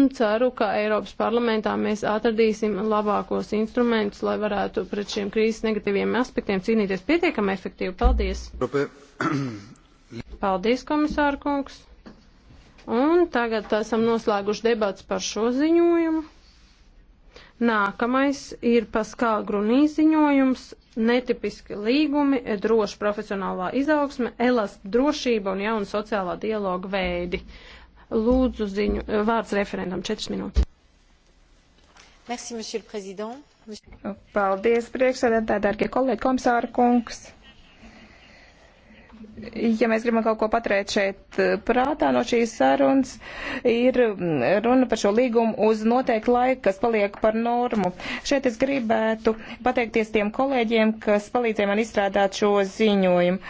un ceru, ka Eiropas parlamentā mēs atradīsim labākos instrumentus, lai varētu pret šiem krīzes negatīviem aspektiem cīnīties pietiekami efektīvi. Paldies! Paldies, komisāra kungs! Un tagad esam noslēguši debats par šo ziņojumu. Nākamais ir Paskāla Grunī ziņojums - netipiski līgumi, droša profesionālā izaugsme, elast drošība un jauna sociālā dialoga veidi. Lūdzu ziņu, eh, vārds referendam, 4 minūtes. Merci, monsieur le président. Paldies, priekšsēdētāji, darbie kolēģi, komisāra kungs ja mēs gribam kaut ko paturēt šeit eh, prātā no šīs sarunas, ir mm, runa par šo līgumu uz noteiktu laiku, kas paliek par normu. Šeit es gribētu pateikties tiem kolēģiem, kas palīdzēja man izstrādāt šo ziņojumu.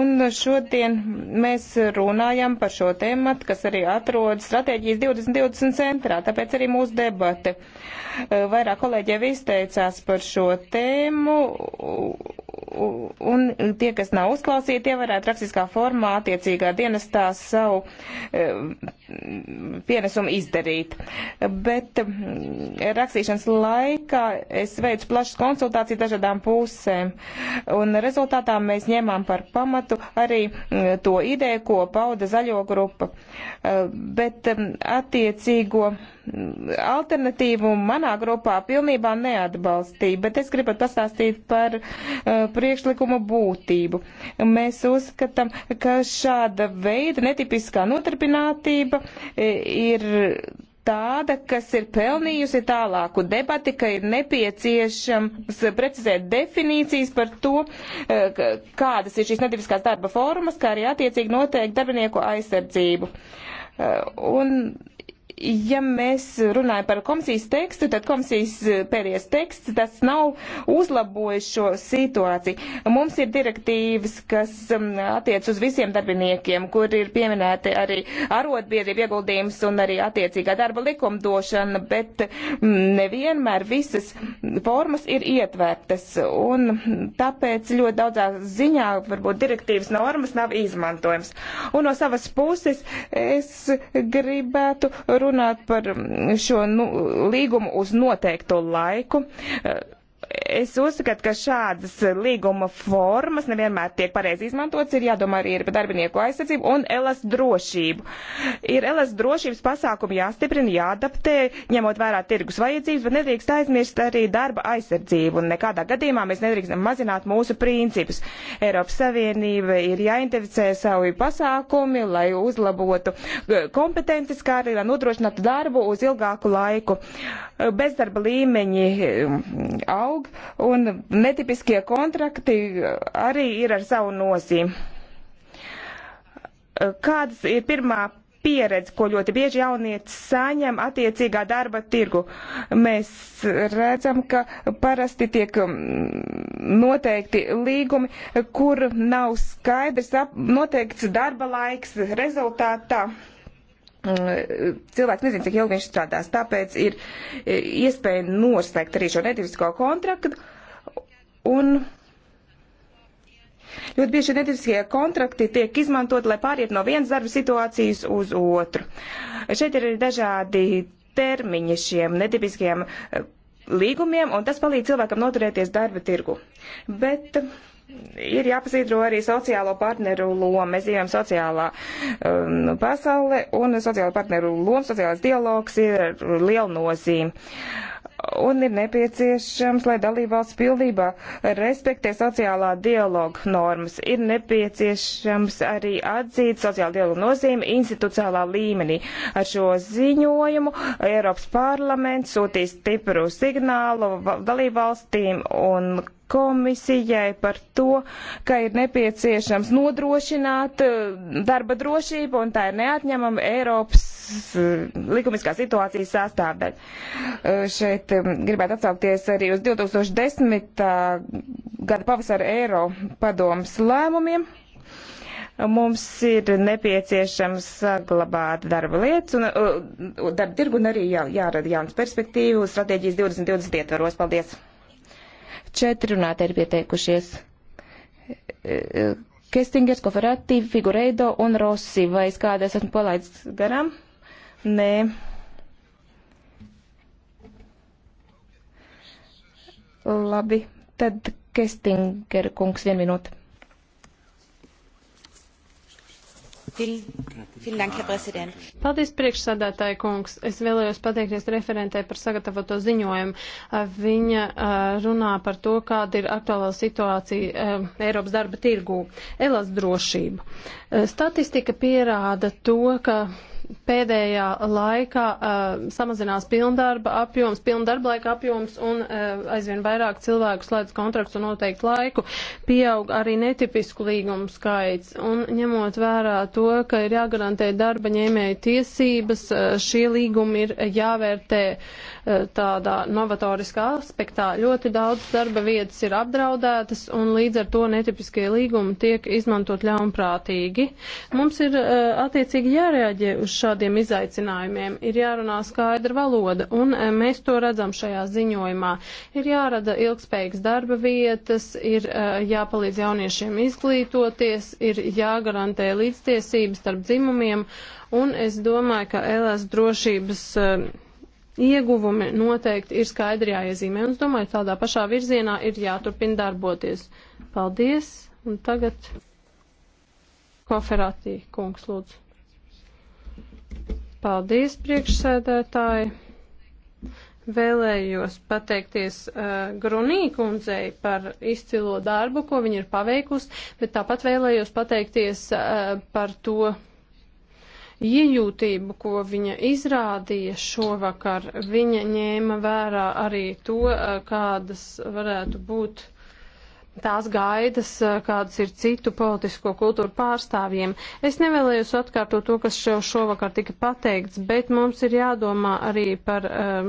Un šodien mēs runājam par šo tēmatu, kas arī atrodas stratēģijas 2020 centrā, tāpēc arī mūsu debate. Eh, vairāk kolēģi jau izteicās par šo tēmu un tie, kas nav uzklausīti, tie varētu rakstiskā formā attiecīgā dienestā savu eh, pienesumu izdarīt. Bet mm, rakstīšanas laikā es veicu plašas konsultācijas dažādām pusēm, un rezultātā mēs ņēmām par pamatu arī mm, to ideju, ko pauda zaļo grupa. Eh, bet mm, attiecīgo alternatīvu manā grupā pilnībā neatbalstīja, bet es gribētu pastāstīt par uh, priekšlikumu būtību. Mēs uzskatām, ka šāda veida netipiskā nodarbinātība e, ir tāda, kas ir pelnījusi tālāku debati, ka ir nepieciešams precizēt definīcijas par to, e, kādas ir šīs netipiskās darba formas, kā arī attiecīgi noteikti darbinieku aizsardzību. E, un ja mēs runājam par komisijas tekstu, tad komisijas pēdējais teksts, tas nav uzlabojis šo situāciju. Mums ir direktīvas, kas um, attiec uz visiem darbiniekiem, kur ir pieminēti arī arotbiedrība ieguldījums un arī attiecīgā darba likumdošana, bet mm, nevienmēr visas formas ir ietvērtas. Un tāpēc ļoti daudzā ziņā varbūt direktīvas normas nav izmantojams. Un no savas puses es gribētu runāt runāt par šo nu, līgumu uz noteikto laiku. Uh, Es uzskatu, ka šādas līguma formas nevienmēr tiek pareizi izmantotas, ir jādomā arī par darbinieku aizsardzību un elas drošību. Ir elas drošības pasākumi jāstiprina, jāadaptē, ņemot vērā tirgus vajadzības, bet nedrīkst aizmirst arī darba aizsardzību, un nekādā gadījumā mēs nedrīkstam mazināt mūsu principus. Eiropas Savienība ir jāinteresē savi pasākumi, lai uzlabotu kompetences, kā arī lai nodrošinātu darbu uz ilgāku laiku. Bezdarba līmeņi um, aug, un netipiskie kontrakti arī ir ar savu nozīmi. Kādas ir pirmā pieredze, ko ļoti bieži jaunieci saņem attiecīgā darba tirgu? Mēs redzam, ka parasti tiek mm, noteikti līgumi, kur nav skaidrs noteikts darba laiks rezultātā Mm, cilvēks nezina, cik ilgi viņš strādās. Tāpēc ir e, iespēja noslēgt arī šo netipisko kontraktu. Un ļoti bieži netipiskie kontrakti tiek izmantot, lai pāriet no vienas darba situācijas uz otru. Šeit ir arī dažādi termiņi šiem netipiskiem e, līgumiem, un tas palīdz cilvēkam noturēties darba tirgu. Bet uh, ir jāpazīdro arī sociālo partneru loma. Mēs dzīvojam sociālā um, pasaule, un sociālo partneru loma, sociālais dialogs ir liela nozīme. Uh, un ir nepieciešams, lai dalībvalsts pildībā respektē sociālā dialoga normas. Ir nepieciešams arī atzīt sociāla dialoga nozīmi institucionālā līmenī. Ar šo ziņojumu Eiropas parlaments sūtīs stipru signālu dalībvalstīm un komisijai par to, ka ir nepieciešams nodrošināt eh, darba drošību un tā ir neatņemama Eiropas Eh, likumiskā situācijas sastāvdaļa. Eh, šeit eh, gribētu atsaukties arī uz 2010. gada pavasara Eiro padomas lēmumiem. Mums ir nepieciešams saglabāt darba lietas un darba tirgu un arī jā, jārada jaunas perspektīvas stratēģijas 2020 ietvaros. Paldies! Četri runātāji ir pieteikušies. Kestingers, Koferati, Figureido un Rossi. Vai es kādu esmu palaidis garām? Nē. Labi, tad Kestinger kungs vien minūte. Paldies, priekšsādātāja kungs. Es vēlējos pateikties referentē par sagatavoto ziņojumu. Viņa runā par to, kāda ir aktuālā situācija Eiropas darba tirgū. Elas drošība. Statistika pierāda to, ka pēdējā laikā uh, samazinās pilndarba apjoms, pilndarba laika apjoms un uh, aizvien vairāk cilvēku slēdz kontrakts un noteiktu laiku. Pieaug arī netipisku līgumu skaits un ņemot vērā to, ka ir jāgatavo jāgarantē darba ņēmēja tiesības. Eh, šie līgumi ir jāvērtē eh, tādā novatoriskā aspektā. Ļoti daudz darba vietas ir apdraudētas un līdz ar to netipiskie līgumi tiek izmantot ļaunprātīgi. Mums ir eh, attiecīgi jārēģē uz šādiem izaicinājumiem, ir jārunā skaidra valoda un mēs to redzam šajā ziņojumā. Ir jārada ilgspējīgas darba vietas, ir jāpalīdz jauniešiem izglītoties, ir jāgarantē līdztiesības starp dzīvēm dzimumiem, un es domāju, ka LS drošības eh, ieguvumi noteikti ir skaidri jāiezīmē, un es domāju, tādā pašā virzienā ir jāturpina darboties. Paldies, un tagad koferātī kungs lūdzu. Paldies, priekšsēdētāji! Vēlējos pateikties uh, Grunī kundzei par izcilo darbu, ko viņa ir paveikusi, bet tāpat vēlējos pateikties uh, par to iejūtību, ko viņa izrādīja šovakar. Viņa ņēma vērā arī to, eh, kādas varētu būt tās gaidas, eh, kādas ir citu politisko kultūru pārstāvjiem. Es nevēlējos atkārtot to, kas jau šovakar tika pateikts, bet mums ir jādomā arī par um,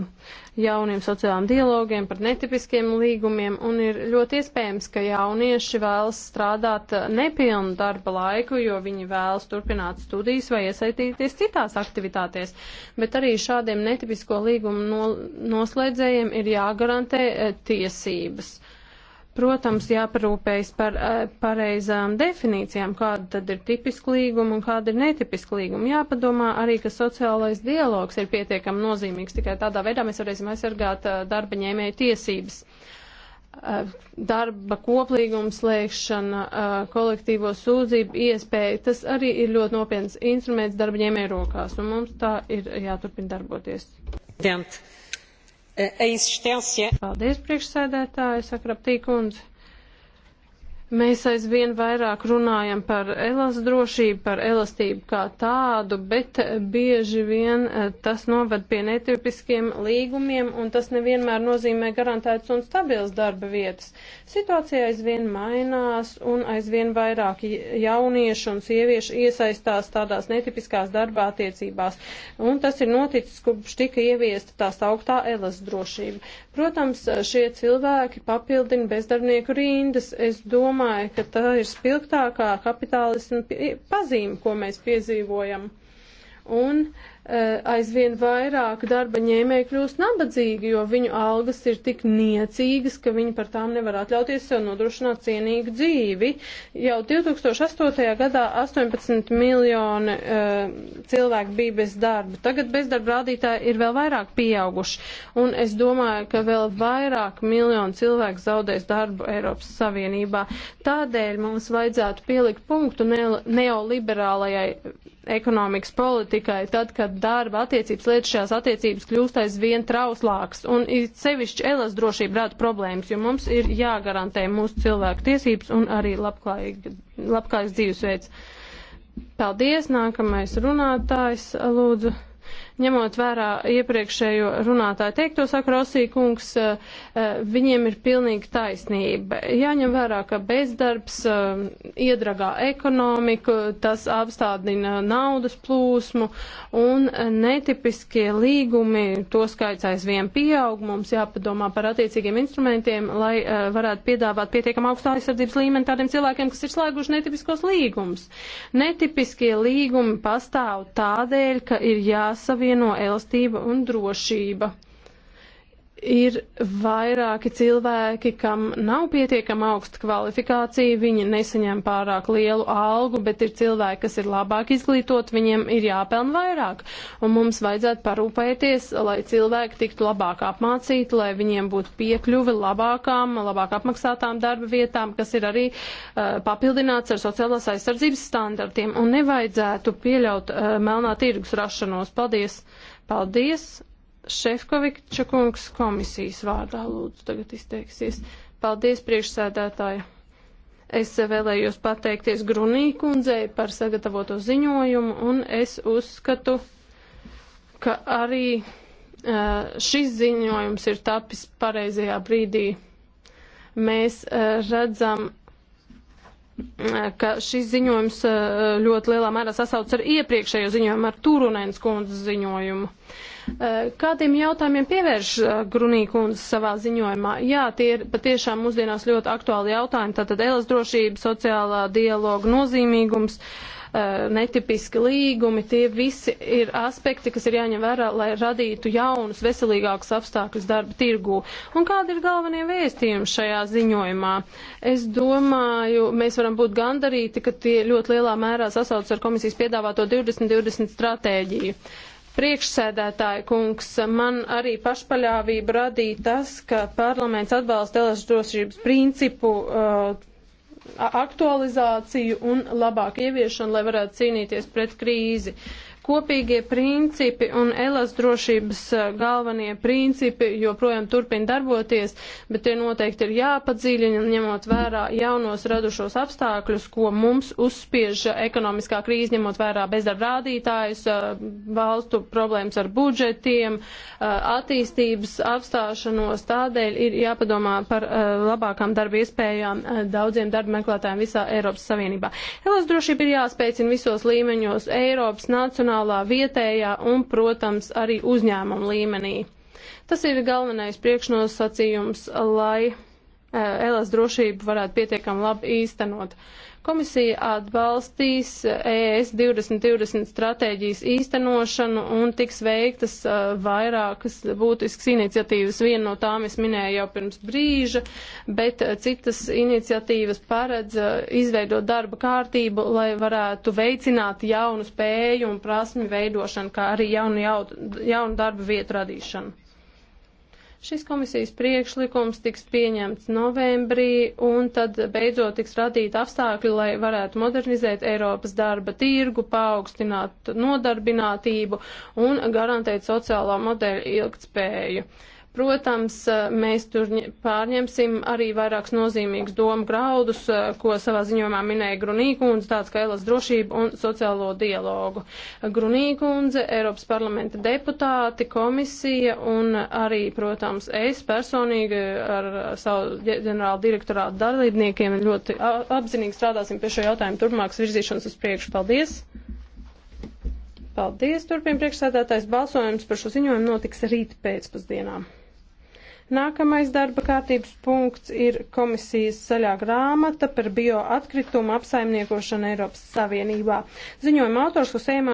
jauniem sociālām dialogiem, par netipiskiem līgumiem, un ir ļoti iespējams, ka jaunieši vēlas strādāt eh, nepilnu darba laiku, jo viņi vēlas turpināt studijas vai iesaistīties citās aktivitātēs. Bet arī šādiem netipisko līgumu noslēdzējiem ir jāgarantē tiesības. Uh, Protams, jāparūpējas par eh, pareizām definīcijām, kāda tad ir tipiska līguma un kāda ir netipiska līguma. Jāpadomā arī, ka sociālais dialogs ir pietiekami nozīmīgs, tikai tādā veidā mēs varēsim aizsargāt eh, darba ņēmēju tiesības eh, darba koplīguma slēgšana, kolektīvo sūdzību iespēja, tas arī ir ļoti nopietns instruments darba ņēmē rokās, un mums tā ir jāturpina darboties. Dient. E, e Paldies, priekšsēdētāja Sakraptīkundze. Mēs aizvien vairāk runājam par elas drošību, par elastību kā tādu, bet bieži vien eh, tas noved pie netipiskiem līgumiem, un tas nevienmēr nozīmē garantēts un stabils darba vietas. Situācija aizvien mainās, un aizvien vairāk jauniešu un sieviešu iesaistās tādās netipiskās darba attiecībās, un tas ir noticis, kopš tika ieviesta tās augtā elas drošība. Protams, šie cilvēki papildina bezdarbnieku rindas. Es domāju, domāju, ka tā ir spilgtākā kapitālisma pazīme, ko mēs piedzīvojam. Un uh, Eh, aizvien vairāk darba ņēmēji kļūst nabadzīgi, jo viņu algas ir tik niecīgas, ka viņi par tām nevar atļauties sev nodrošināt cienīgu dzīvi. Jau 2008. gadā 18 miljoni uh, eh, cilvēku bija bez darba. Tagad bezdarba rādītāji ir vēl vairāk pieauguši, un es domāju, ka vēl vairāk miljonu cilvēku zaudēs darbu Eiropas Savienībā. Tādēļ mums vajadzētu pielikt punktu neoliberālajai ekonomikas politikai, tad, kad darba attiecības lietas šajās attiecības kļūst aizvien trauslāks. Un sevišķi elas drošība rada problēmas, jo mums ir jāgarantē mūsu cilvēku tiesības un arī labklājīgs dzīvesveids. Paldies, nākamais runātājs, lūdzu. Ņemot vērā iepriekšējo runātāju teikto, saka Rosī kungs, eh, eh, viņiem ir pilnīgi taisnība. Jāņem vērā, ka bezdarbs eh, iedragā ekonomiku, tas apstādina naudas plūsmu un netipiskie līgumi, to skaits aizvien pieaug, mums jāpadomā par attiecīgiem instrumentiem, lai varētu piedāvāt pietiekam augstā aizsardzības līmeni tādiem cilvēkiem, kas ir slēguši netipiskos līgumus. Netipiskie līgumi pastāv tādēļ, ka ir jāsavien jāapvieno elastība un drošība ir vairāki cilvēki, kam nav pietiekama augsta kvalifikācija, viņi nesaņem pārāk lielu algu, bet ir cilvēki, kas ir labāk izglītot, viņiem ir jāpelna vairāk. Un mums vajadzētu parūpēties, lai cilvēki tiktu labāk apmācīti, lai viņiem būtu piekļuvi labākām, labāk apmaksātām darba vietām, kas ir arī uh, papildināts ar sociālās aizsardzības standartiem. Un nevajadzētu pieļaut uh, melnā tirgus rašanos. Paldies! Paldies! Šefkoviča kungs komisijas vārdā lūdzu tagad izteiksies. Paldies priekšsēdētāji. Es vēlējos pateikties Grunī kundzei par sagatavoto ziņojumu un es uzskatu, ka arī šis ziņojums ir tapis pareizajā brīdī. Mēs redzam ka šis ziņojums e, ļoti lielā mērā sasauc ar iepriekšējo ziņojumu, ar Turunēnas kundzes ziņojumu. E, kādiem jautājumiem pievērš e, Grunīkundze savā ziņojumā? Jā, tie ir patiešām mūsdienās ļoti aktuāli jautājumi, tātad elas drošība, sociālā dialoga nozīmīgums. Uh, Eh, netipiski līgumi, tie visi ir aspekti, kas ir jāņem vērā, lai radītu jaunus, veselīgākus apstākļus darba tirgū. Un kādi ir galvenie vēstījumi šajā ziņojumā? Es domāju, mēs varam būt gandarīti, ka tie ļoti lielā mērā sasaucas ar komisijas piedāvāto 2020 stratēģiju. Priekšsēdētāja kungs, man arī pašpaļāvība radīja tas, ka parlaments atbalsta elektrošības principu uh, aktualizāciju un labāku ieviešanu, lai varētu cīnīties pret krīzi. Uh, Kopīgie principi un elas drošības eh, galvenie principi joprojām turpina darboties, bet tie noteikti ir jāpadziļina, ņemot vērā jaunos radušos apstākļus, ko mums uzspiež ekonomiskā krīze, ņemot vērā bezdarba rādītājus, eh, valstu problēmas ar budžetiem, eh, attīstības apstāšanos. Tādēļ ir jāpadomā par labākām darba iespējām daudziem darba meklētājiem visā Eiropas Savienībā. Elas drošība ir jāspēcina visos līmeņos Eiropas, nacionālajā, reģionālā, vietējā un, protams, arī uzņēmuma līmenī. Tas ir galvenais priekšnosacījums, lai eh, Elas drošību varētu pietiekami labi īstenot. Uh, Komisija atbalstīs e ES 2020 stratēģijas īstenošanu un tiks veiktas vairākas būtiskas iniciatīvas. Vienu no tām es minēju jau pirms brīža, bet citas iniciatīvas paredz izveidot darba kārtību, lai varētu veicināt jaunu spēju un prasmi veidošanu, kā arī jaunu, jaunu darba vietu radīšanu. Šis komisijas priekšlikums tiks pieņemts novembrī, un tad beidzot tiks radīta apstākļi, lai varētu modernizēt Eiropas darba tirgu, paaugstināt nodarbinātību un garantēt sociālā modeļa ilgtspēju. Protams, eh, mēs tur pārņemsim arī vairākus nozīmīgus domu graudus, eh, ko savā ziņojumā minēja Grunīkundze, tāds kā Elas drošība un sociālo dialogu. Grunīkundze, Eiropas parlamenta deputāti, komisija un arī, protams, es personīgi ar savu ģenerālu direktorātu dalībniekiem ļoti apzinīgi strādāsim pie šo jautājumu turpmākas virzīšanas uz priekšu. Paldies! Paldies, turpina priekšsēdētājs. Balsojums par šo ziņojumu notiks rīt pēcpusdienā. Nākamais darba kārtības punkts ir komisijas saļā grāmata par bioatkritumu apsaimniekošanu Eiropas Savienībā. Ziņojuma autors Husēma